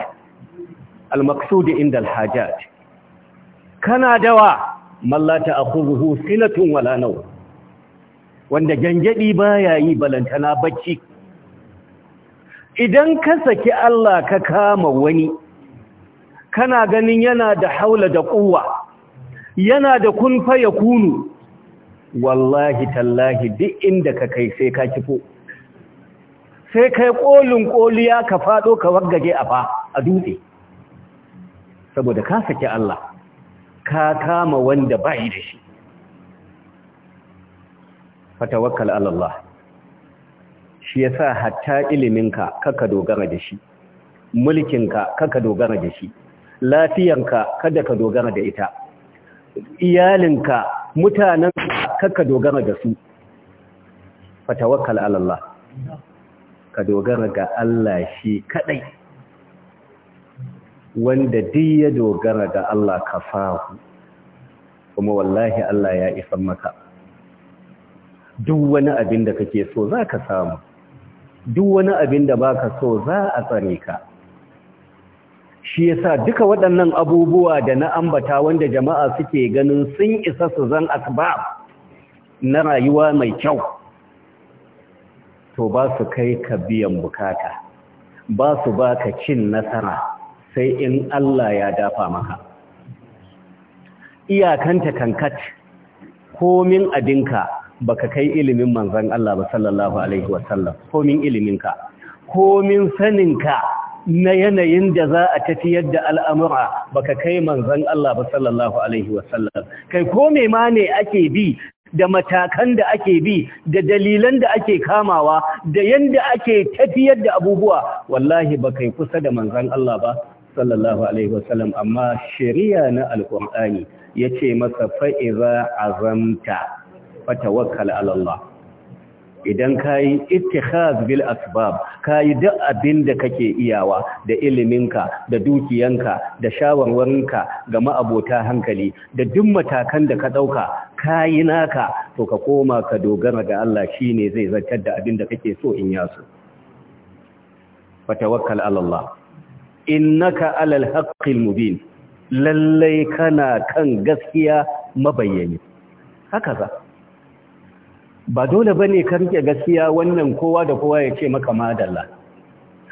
al-maqsud inda al-hajat kana da wa man la ta'khudhuhu sinatun wala nawm wanda gangadi baya yi balantana bacci idan ka saki Allah ka kama wani kana ganin yana da haula da kuwa yana da kunfa ya kunu wallahi tallahi duk inda ka kai sai ka kifo sai kai kolin koliya ka fado ka waggage a fa a dutse saboda ka saki Allah ka kama wanda bai da shi tawakkal ala Allah shi yasa hatta ka kaka dogara da shi mulkinka kaka dogara da shi lafiyanka kada ka dogara da ita Iyalin ka mutanen kaka dogara da su fatawakkal ala Allah ka dogara ga Allah shi kadai wanda duk ya dogara ga Allah kafahu kuma wallahi Allah ya isa maka duk wani abin da kake so zaka samu duk wani abin da ba ka so za a tsare ka shi yasa duka waɗannan abubuwa da na ambata wanda jama'a suke ganin sun isa su zan asbab na rayuwa mai kyau to ba su kai ka biyan bukata ba su baka cin nasara sai in Allah ya dafa maka iyakanta kankat komin abinka baka kai ilimin manzan Allah ba sallallahu alaihi wasallam komin iliminka komin saninka na yanayin da za a tafiyar da al'amura baka kai manzan Allah ba sallallahu alaihi wasallam kai kome ma ne ake bi da matakan da ake bi da dalilan da ake kamawa da yanda ake tafiyar da abubuwa wallahi ba kai kusa da manzan Allah ba sallallahu alaihi wasallam amma shari'a na alqur'ani ce masa fa'iza azamta fatawakkal ala Allah idan kayi ittikhaz bil asbab kayi duk abin da kake iyawa da iliminka da dukiyanka da shawarwarinka ga ma'abota hankali da duk matakan da ka dauka kayi naka to ka koma ka dogara ga Allah shine zai zartar da abin da kake so in yaso fa tawakkal ala Allah innaka alal haqqil mubin lallai kana kan gaskiya mabayyani haka za ba dole ba ne rike gaskiya wannan kowa da kowa ya ce maka madalla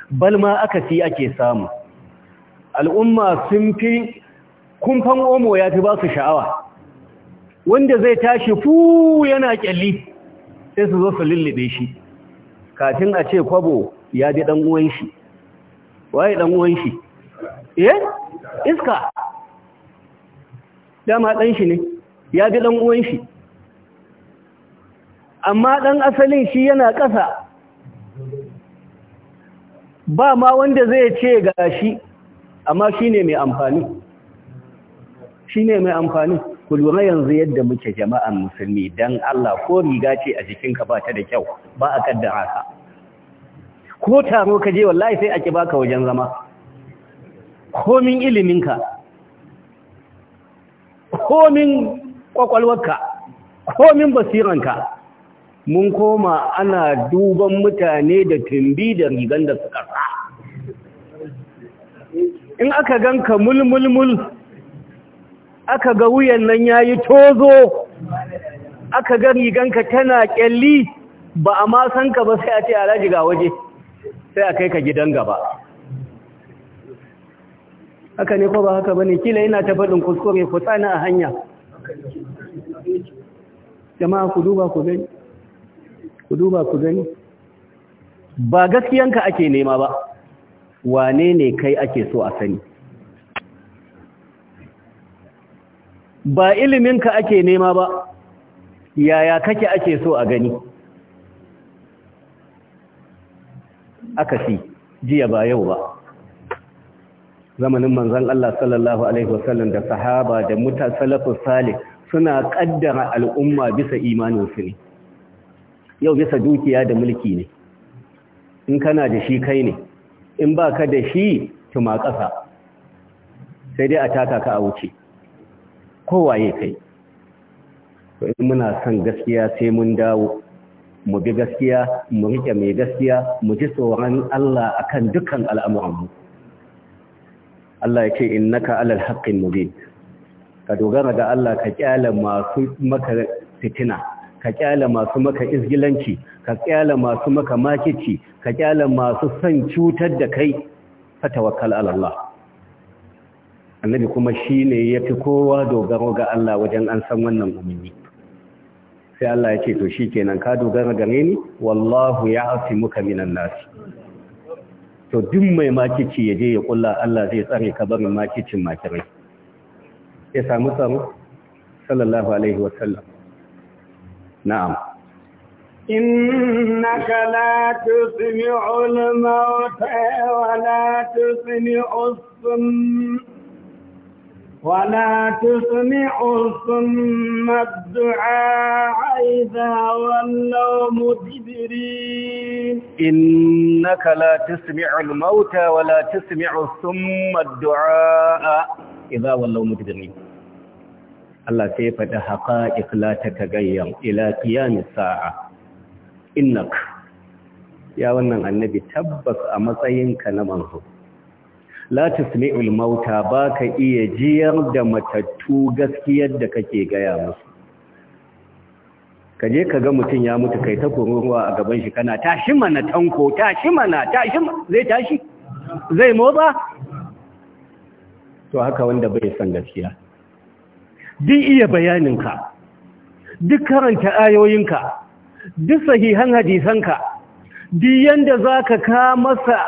bal ma aka fi ake samu al'umma sun fi kumfan omo ya fi ba su sha'awa wanda zai tashi fu yana kyalli sai su zo su lullube shi kafin a ce kwabo ya ji dan uwan shi waye dan uwan shi eh iska dama dan shi ne ya ji dan uwan shi amma ɗan asalin shi yana ƙasa ba ma wanda zai ce ga shi amma shi ne mai amfani shi ne mai amfani ku lura yanzu yadda muke jama'an musulmi don Allah ko riga ce a jikinka ba ta da kyau ba a kaddara ka ko taro ka je wallahi sai ake baka wajen zama komin iliminka komin kwakwalwarka komin basiranka mun koma ana duban mutane da tumbi da rigan da suka sa in aka ganka mulmulmul aka ga wuyan nan yayi tozo aka ga riganka tana kyalli ba a ma san ka ba sai a ce alhaji ga waje sai a kai ka gidan gaba haka ne ko ba haka bane kila ina ta faɗin kuskure ku tsana a hanya jama'a ku duba ku gani ku duba ku gani ba gaskiyanka ake nema ba wane ne kai ake so a sani ba iliminka ake nema ba yaya kake ake so a gani aka fi jiya ba yau ba zamanin manzan Allah sallallahu Alaihi wasallam da sahaba da mutasalafu salih suna kaddara al'umma bisa imaninsu ne yau bisa dukiya da mulki ne in kana da shi kai ne in ba ka da shi tuma ƙasa sai dai a taka ka a wuce waye kai to in muna son gaskiya sai mun dawo mu bi gaskiya mu riƙe mai gaskiya mu ji tsoron Allah akan dukkan al'amuranmu Allah ya ce innaka alal haqqin mubin ka dogara ga Allah ka kyala masu maka fitina ka kyala masu maka izgilanci ka kyala masu maka makici ka kyala masu san cutar da kai fa tawakkal ala Allah annabi kuma shine yafi kowa dogaro ga Allah wajen an san wannan umumi sai Allah ya ce to shikenan ka dogara gare ni wallahu muka minan nas to duk mai makici ya je ya kulla Allah zai tsare ka barin makicin makirai ya samu tsaro sallallahu alaihi wasallam نعم إنك لا تسمع الموتى ولا تسمع الصم ولا تسمع الصم الدعاء إذا ولوا مدبرين إنك لا تسمع الموتى ولا تسمع الصم الدعاء إذا ولوا مدبرين Allah sai ya faɗi haƙa'iq la takagayyar ila qiyamis sa'a innak ya wannan annabi tabbas a matsayinka na manzo la tusmi'ul mauta ka iya jiyar da matattu gaskiyar da kake gaya musu kaje ga mutum ya mutu kai ta kururuwa a gaban shi kana tashi mana tanko tashi mana tashi zai tashi zai motsa to haka wanda bai san gaskiya duk iya bayaninka duk karanta ayoyinka duk sahihan hadisanka duk yanda za ka masa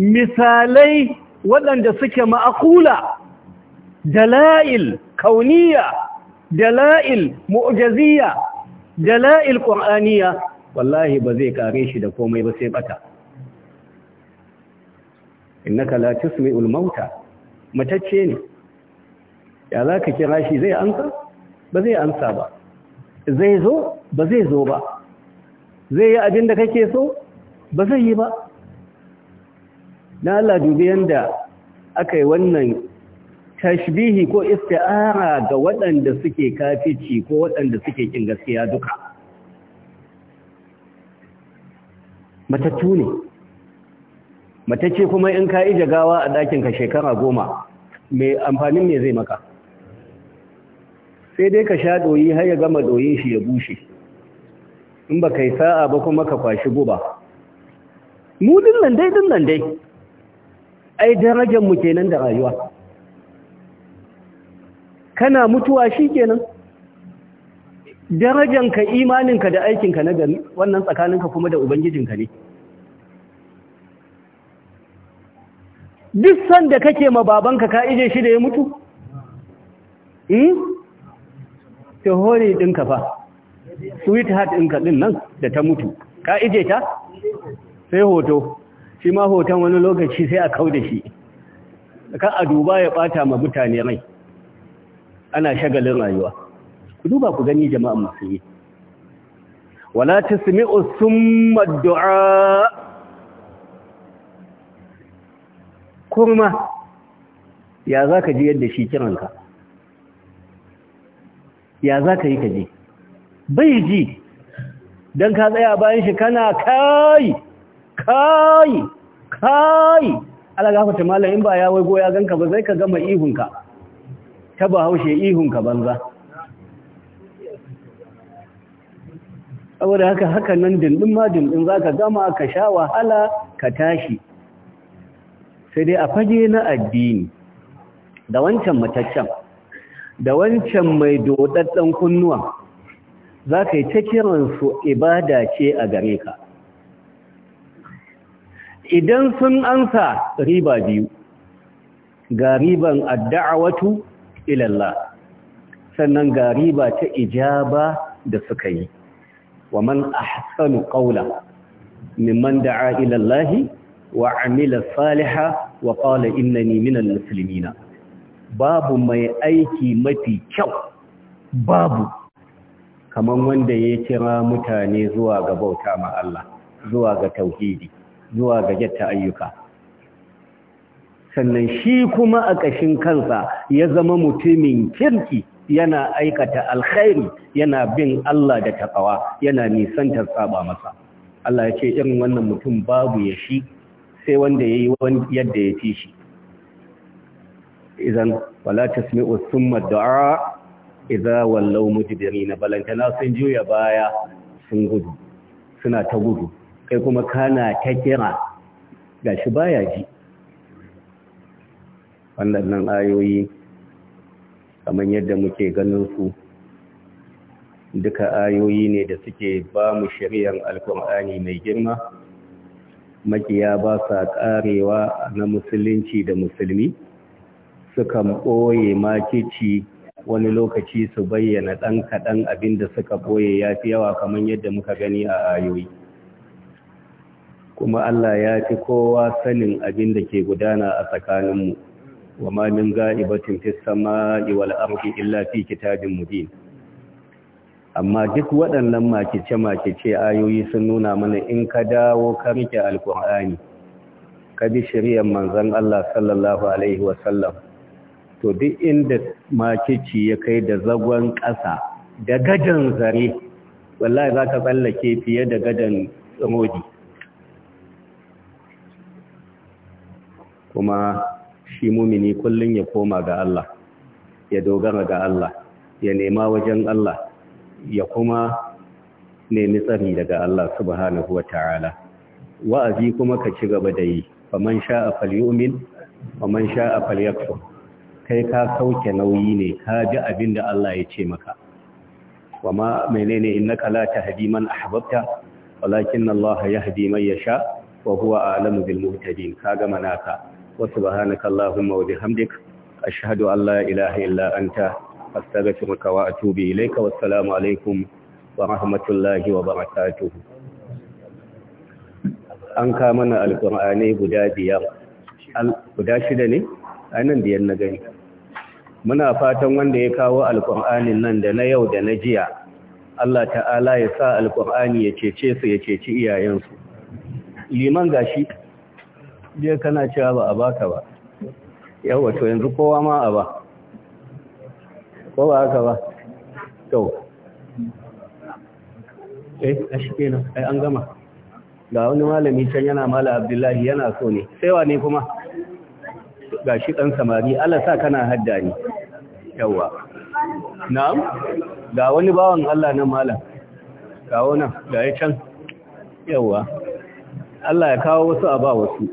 misalai waɗanda suke ma'akula dala'il kauniya dala'il mu'jaziya dala'il ƙwa'aniya wallahi ba zai kare shi da komai ba sai bata innaka la tusmi'ul mauta matacce ne ya za ka kira shi zai ansa ba zai ansa ba zai zo ba zai zo ba zai yi abin da kake so ba zai yi ba na Allah dubi yanda aka yi wannan tashbihi ko isti'ara ga waɗanda suke kafici ko waɗanda suke kin gaskiya duka matattu ne matacce kuma in ka ije gawa a ɗakinka shekara goma mai amfanin me zai maka sai dai ka sha doyi har ya gama doyin shi ya bushe in ba kai sa'a ba kuma ka kwashi guba mu dinnan dai dinnan dai ai darajar mu kenan da rayuwa kana mutuwa shikenan imanin imaninka da aikinka na gari wannan tsakaninka kuma da ubangijinka ne duk sanda kake ma babanka ka ije shi da ya mutu? Hmm? ta hori ɗinka fa sweetheart ɗinka ɗin nan da ta mutu ka ije ta sai hoto shi ma hoton wani lokaci sai a kau da shi ka a duba ya ɓata ma mutane rai ana shagalin rayuwa ku duba ku gani jama'an masu yi. wala tasmi'u summa maddu’a, kurma ya zaka ji yadda shi kiranka ya za ka yi ka je bai ji don ka tsaya bayan shi kana kai kai kai ala gafata malam in ba ya waigo ya ganka ba zai ka gama ihunka ta ba haushe ihunka banza saboda haka haka nan dindin ma dindin za ka gama ka sha wahala ka tashi sai dai a fage na addini da wancan mataccen da wancan mai dodaddan kunnuwa za ka yi ta kiransu ibada ce a gare ka idan sun ansa riba biyu ga riban adda'awatu ilallah sannan ga riba ta ijaba da suka yi wa man ahsanu qawla mimman da'a ila Allah wa amila salihan wa qala innani minal muslimina babu mai aiki mafi kyau babu kamar wanda ya kira mutane zuwa ga bauta ma Allah zuwa ga tauhidi zuwa ga jatta ayyuka sannan shi kuma a ƙashin kansa ya zama mutumin kirki yana aikata alkhairi yana bin Allah da takawa yana nisantar saba masa Allah ya ce irin wannan mutum babu ya shi sai wanda ya yi yadda ya tishi. Izan wala tasmi'u thumma du'a idza wallaw mudbirin balantana sun juya baya sun gudu suna ta gudu kai kuma kana ta kira shi baya ji wannan nan ayoyi kamar yadda muke ganin su duka ayoyi ne da suke ba mu shari'ar alkur'ani mai girma makiya ba sa karewa na musulunci da musulmi sukan ɓoye makici wani lokaci su bayyana ɗan kaɗan abin da suka ɓoye ya fi yawa kamar yadda muka gani a ayoyi kuma Allah ya fi kowa sanin abin da ke gudana a tsakaninmu wa ma min ga'ibatin fis sama'i wal ardi illa fi kitabin mubin amma duk waɗannan makice makice ayoyi sun nuna mana in ka dawo ka rike alqur'ani ka bi shari'ar manzon Allah sallallahu alaihi wasallam to duk inda makici ya kai da zagon ƙasa da gadon zare wallahi za ka tsallake fiye da gadon tsamodi kuma shi mumini kullum ya koma ga Allah ya dogara ga Allah ya nema wajen Allah ya kuma nemi tsari daga Allah subhanahu wa ta'ala wa'azi kuma ka ci gaba da yi faman sha'a falyumin faman sha'a falyakfur kai ka sauke nauyi ne ka ji abin da Allah ya ce maka wa ma menene innaka la tahdi man ahbabta walakin Allah yahdi man yasha wa huwa a'lamu bil muhtadin ka ga manaka wa subhanaka allahumma wa bihamdik ashhadu an la ilaha illa anta astaghfiruka wa atubu ilayka wassalamu alaikum wa rahmatullahi wa barakatuh an ka mana alqur'ani guda biyar guda shida ne a nan 'yan na gani muna fatan wanda ya kawo alƙur'anin nan da na yau da na jiya Allah ta'ala ya sa alƙur'ani ya cece su ya ceci iyayensu liman gashi je kana cewa ba a baka ba yawa to yanzu kowa ma a ba ko ba haka ba to eh ashi kenan ai an gama ga wani malami can yana mala abdullahi yana so ne sai wa ne kuma gashi ɗan samari Allah sa kana hadda ni, yawa na'am ga wani bawan Allah na malam ga wani ga ya can yawa Allah ya kawo wasu a ba wasu